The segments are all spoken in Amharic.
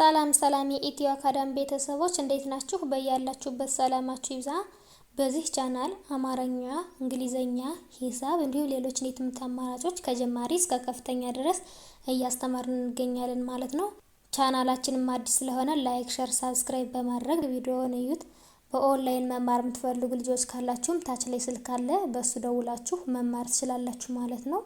ሰላም ሰላም የኢትዮ አካዳሚ ቤተሰቦች እንዴት ናችሁ? በያላችሁበት ሰላማችሁ ይብዛ። በዚህ ቻናል አማርኛ፣ እንግሊዘኛ፣ ሂሳብ እንዲሁም ሌሎች የትምህርት አማራጮች ከጀማሪ እስከ ከፍተኛ ድረስ እያስተማርን እንገኛለን ማለት ነው። ቻናላችንም አዲስ ስለሆነ ላይክ፣ ሸር፣ ሳብስክራይብ በማድረግ ቪዲዮውን እዩት። በኦንላይን መማር የምትፈልጉ ልጆች ካላችሁም ታች ላይ ስልክ አለ፣ በእሱ ደውላችሁ መማር ትችላላችሁ ማለት ነው።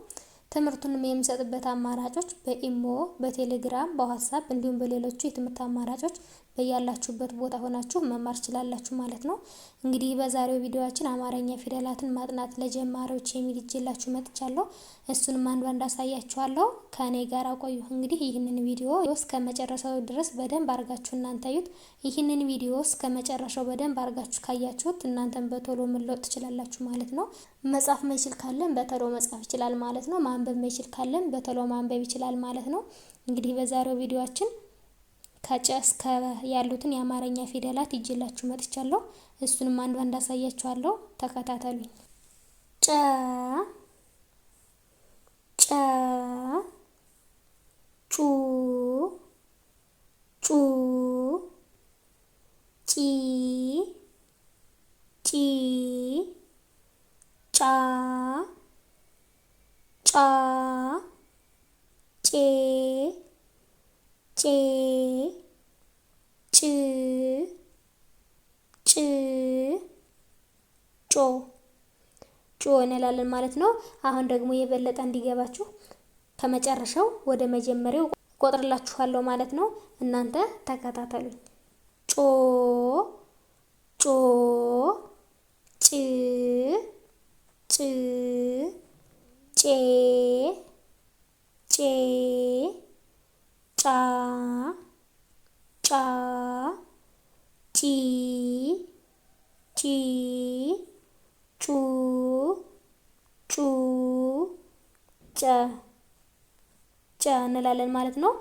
ትምህርቱንም የሚሰጥበት አማራጮች በኢሞ፣ በቴሌግራም፣ በዋትሳፕ እንዲሁም በሌሎቹ የትምህርት አማራጮች በያላችሁበት ቦታ ሆናችሁ መማር ችላላችሁ ማለት ነው። እንግዲህ በዛሬው ቪዲዮችን አማርኛ ፊደላትን ማጥናት ለጀማሪዎች የሚል ይዤላችሁ መጥቻለሁ። እሱንም አንዷ እንዳሳያችኋለሁ። ከእኔ ጋር ቆዩ። እንግዲህ ይህንን ቪዲዮ እስከ መጨረሻው ድረስ በደንብ አርጋችሁ እናንተ ዩት። ይህንን ቪዲዮ እስከ መጨረሻው በደንብ አርጋችሁ ካያችሁት እናንተን በቶሎ መለወጥ ትችላላችሁ ማለት ነው። መጻፍ መችል ካለን በቶሎ መጻፍ ይችላል ማለት ነው። ማንበብ መችል ካለን በተሎ ማንበብ ይችላል ማለት ነው። እንግዲህ በዛሬው ቪዲዮአችን ከጨ እስከ ያሉትን የአማርኛ ፊደላት ይዤላችሁ መጥቻለሁ። እሱንም አንዷ አሳያችኋለሁ። ተከታተሉኝ። ጨ ጨ ጩ ጩ ጮ ጮ እንላለን ማለት ነው። አሁን ደግሞ የበለጠ እንዲገባችሁ ከመጨረሻው ወደ መጀመሪያው ቆጥርላችኋለሁ ማለት ነው። እናንተ ተከታተሉኝ። ጮ ጮ ጭ ጭ ጬ ጬ ጫ ጫ ጪ ጪ ጩ ጩ ጨ ጨ እንላለን ማለት ነው።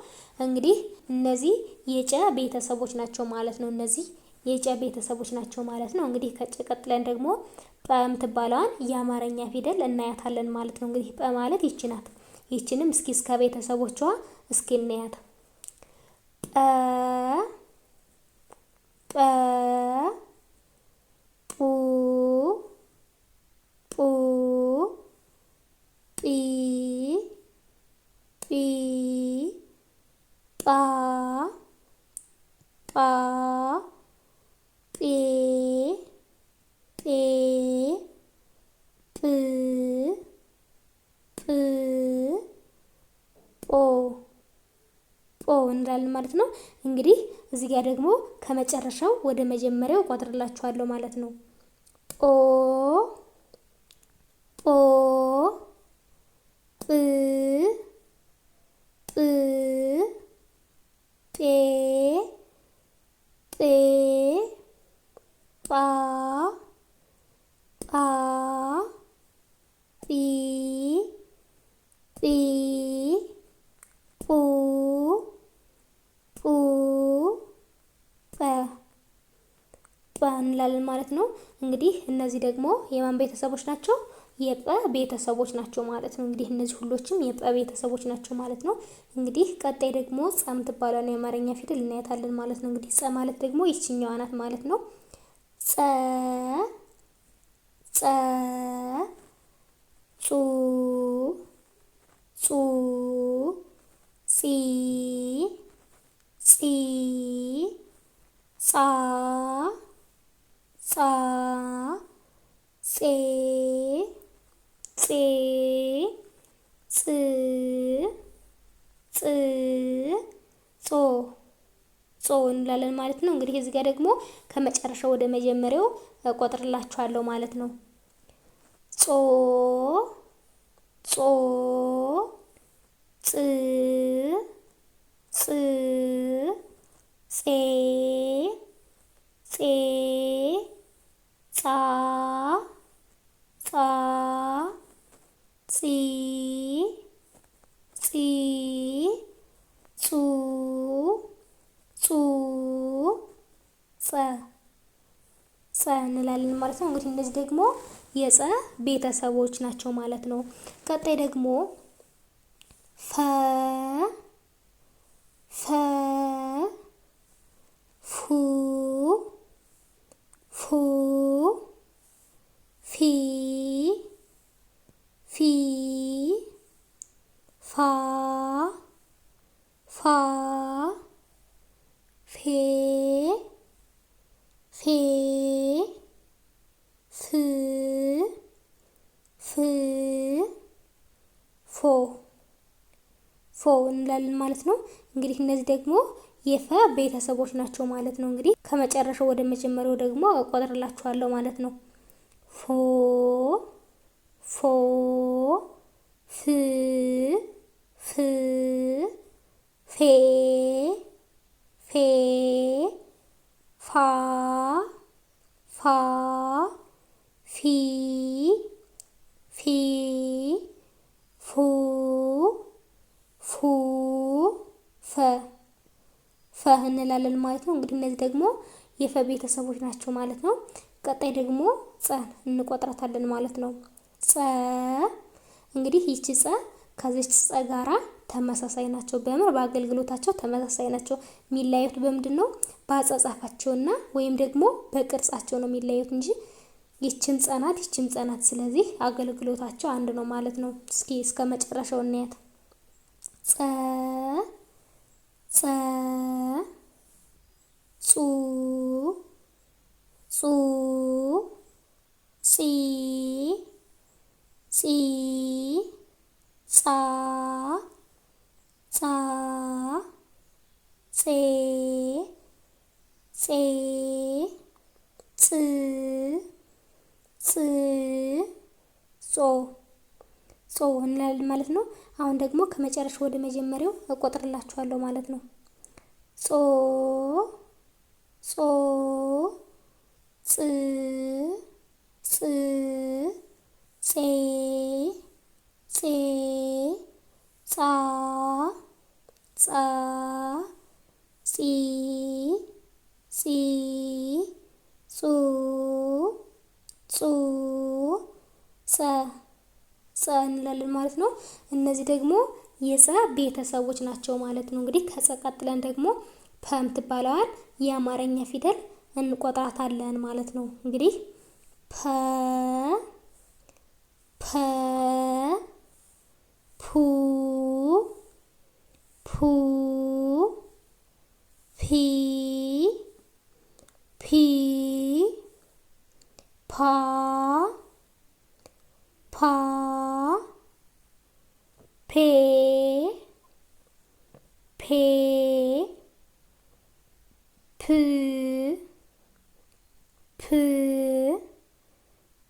እንግዲህ እነዚህ የጨ ቤተሰቦች ናቸው ማለት ነው። እነዚህ የጨ ቤተሰቦች ናቸው ማለት ነው። እንግዲህ ከጨ ቀጥለን ደግሞ ጰ የምትባለዋን የአማርኛ ፊደል እናያታለን ማለት ነው። እንግዲህ ጰ ማለት ይቺ ናት። ይቺንም እስኪ እስከ ቤተሰቦቿ እስኪ እናያት ጰ ጰ ጳ ጴ ጴ ጵ ጵ ጶ ጶ እንላለን ማለት ነው። እንግዲህ እዚህ ጋር ደግሞ ከመጨረሻው ወደ መጀመሪያው ቆጥርላችኋለሁ ማለት ነው ጶ ባ እንላለን ማለት ነው። እንግዲህ እነዚህ ደግሞ የማን ቤተሰቦች ናቸው? የጰ ቤተሰቦች ናቸው ማለት ነው። እንግዲህ እነዚህ ሁሎችም የጰ ቤተሰቦች ናቸው ማለት ነው። እንግዲህ ቀጣይ ደግሞ ጸ የምትባለዋን የአማርኛ ፊደል እናያታለን ማለት ነው። እንግዲህ ጸ ማለት ደግሞ ይችኛዋ ናት ማለት ነው። ጸ ጸ ጹ ጹ ጺ ጺ ጻ ጻ ጼ ጼ ጽ ጽ ጾ ጾ እንላለን ማለት ነው። እንግዲህ እዚህ ጋር ደግሞ ከመጨረሻው ወደ መጀመሪያው ቆጥርላችኋለሁ ማለት ነው። ጾ ጾ ጽ ጽ ጼ ጼ ጻ ጻ ጺ ጺ ጹ ጹ ጸ ጸ እንላለን ማለት ነው። እንግዲህ እነዚህ ደግሞ የጸ ቤተሰቦች ናቸው ማለት ነው። ቀጣይ ደግሞ ፈ ፈ ፉ ፉ ፊ ፊ ፋ ፋ ፌ ፌ ፍ ፍ ፎ ፎ እንላለን ማለት ነው። እንግዲህ እነዚህ ደግሞ የፈ ቤተሰቦች ናቸው ማለት ነው። እንግዲህ ከመጨረሻው ወደ መጀመሪያው ደግሞ እቆጥርላችኋለሁ ማለት ነው። ፎ ፎ ፍ ፍ ፌ ፌ ፋ ፋ ፊ ፊ ፉ ፈህ እንላለን ማለት ነው። እንግዲህ እነዚህ ደግሞ የፈ ቤተሰቦች ናቸው ማለት ነው። ቀጣይ ደግሞ ፀን እንቆጥራታለን ማለት ነው። ፀ እንግዲህ ይቺ ፀ ከዚች ፀ ጋራ ተመሳሳይ ናቸው። በምር በአገልግሎታቸው ተመሳሳይ ናቸው። የሚለያዩት በምንድን ነው? በአጻጻፋቸውና ወይም ደግሞ በቅርጻቸው ነው የሚለያዩት እንጂ ይችን ፀናት ይችን ጸናት። ስለዚህ አገልግሎታቸው አንድ ነው ማለት ነው። እስኪ እስከ መጨረሻው እናያት። ጸ 세, 수, 수, 시, 시, 사, 사, 세, 세, 스, 스, 소. ጾ እንላለን ማለት ነው። አሁን ደግሞ ከመጨረሻ ወደ መጀመሪያው እቆጥርላችኋለሁ ማለት ነው። ጾ ጾ ጽ ጽ ጼ ጼ ጻ ጻ ጺ ጺ ፀ እንላለን ማለት ነው። እነዚህ ደግሞ የፀ ቤተሰቦች ናቸው ማለት ነው። እንግዲህ ከፀ ቀጥለን ደግሞ ፐ ትባለዋል የአማርኛ ፊደል እንቆጥራታለን ማለት ነው። እንግዲህ ፐ ፐ ፑ ፑ ፒ ፒ ፓ ሀ ፔ ፔ ፕ ፕ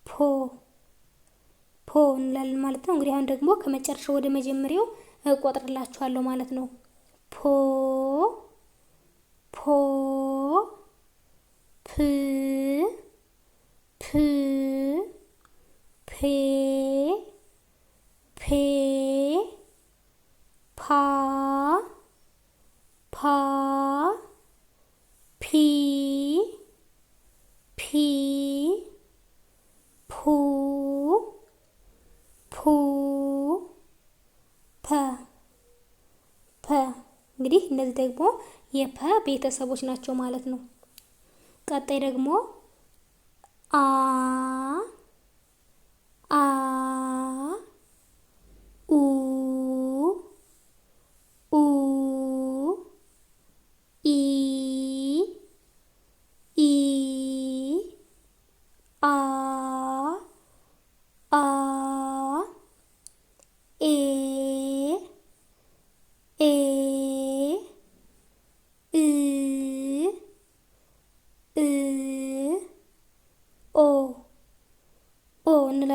ፖ ፖ እንላለን ማለት ነው። እንግዲህ አሁን ደግሞ ከመጨረሻው ወደ መጀመሪያው እቆጥርላችኋለሁ ማለት ነው። ፖ ፖ ፕ ፕ ፔ እንግዲህ እነዚህ ደግሞ የፐ ቤተሰቦች ናቸው ማለት ነው። ቀጣይ ደግሞ አ አ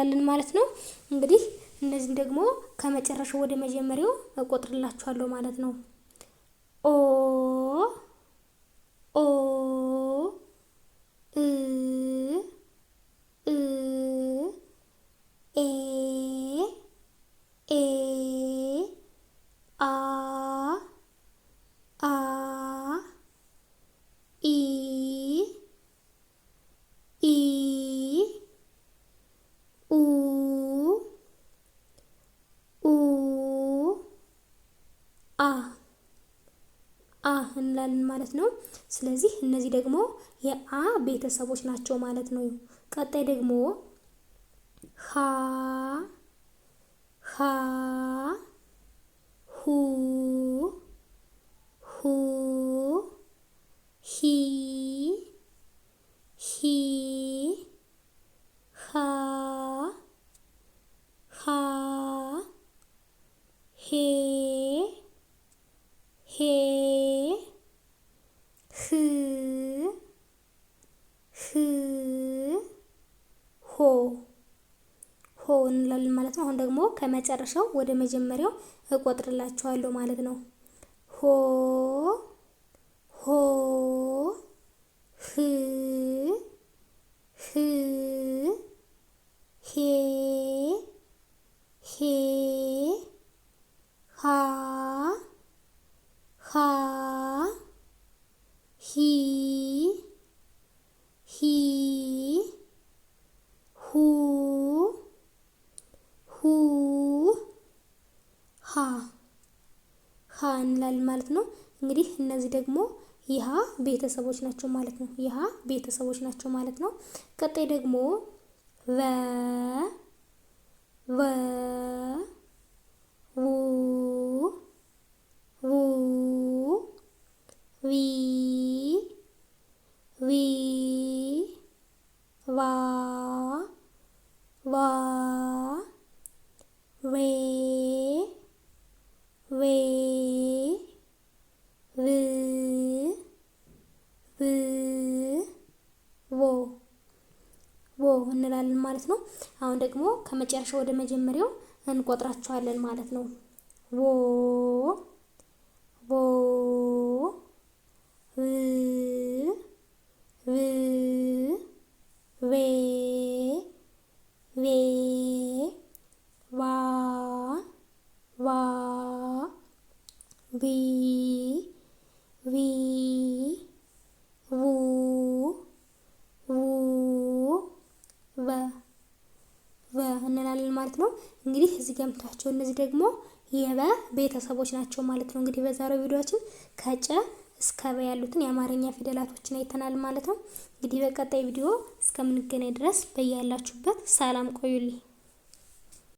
እንችላለን ማለት ነው። እንግዲህ እነዚህን ደግሞ ከመጨረሻው ወደ መጀመሪያው እቆጥርላችኋለሁ ማለት ነው። እንላለን ማለት ነው። ስለዚህ እነዚህ ደግሞ የአ ቤተሰቦች ናቸው ማለት ነው። ቀጣይ ደግሞ ሀ ሀ ሁ ሁ ሂ ከመጨረሻው ወደ መጀመሪያው እቆጥርላችኋለሁ ማለት ነው። ሆ ሆ ህ ህ ሄ ሄ ሂ ሂ እንላለን ማለት ነው። እንግዲህ እነዚህ ደግሞ ይሃ ቤተሰቦች ናቸው ማለት ነው። ይሃ ቤተሰቦች ናቸው ማለት ነው። ቀጣይ ደግሞ ቨ ቨ ው ው ቪ አሁን ደግሞ ከመጨረሻ ወደ መጀመሪያው እንቆጥራቸዋለን ማለት ነው። ወ ወ ው ው ዌ ዌ ዋ ዋ ዊ ዊ ማለት ነው። እንግዲህ እዚህ ገምቷቸው እነዚህ ደግሞ የበ ቤተሰቦች ናቸው ማለት ነው። እንግዲህ በዛሬው ቪዲዮችን ከጨ እስከ በ ያሉትን የአማርኛ ፊደላቶችን አይተናል ማለት ነው። እንግዲህ በቀጣይ ቪዲዮ እስከምንገናኝ ድረስ በያላችሁበት ሰላም ቆዩልኝ።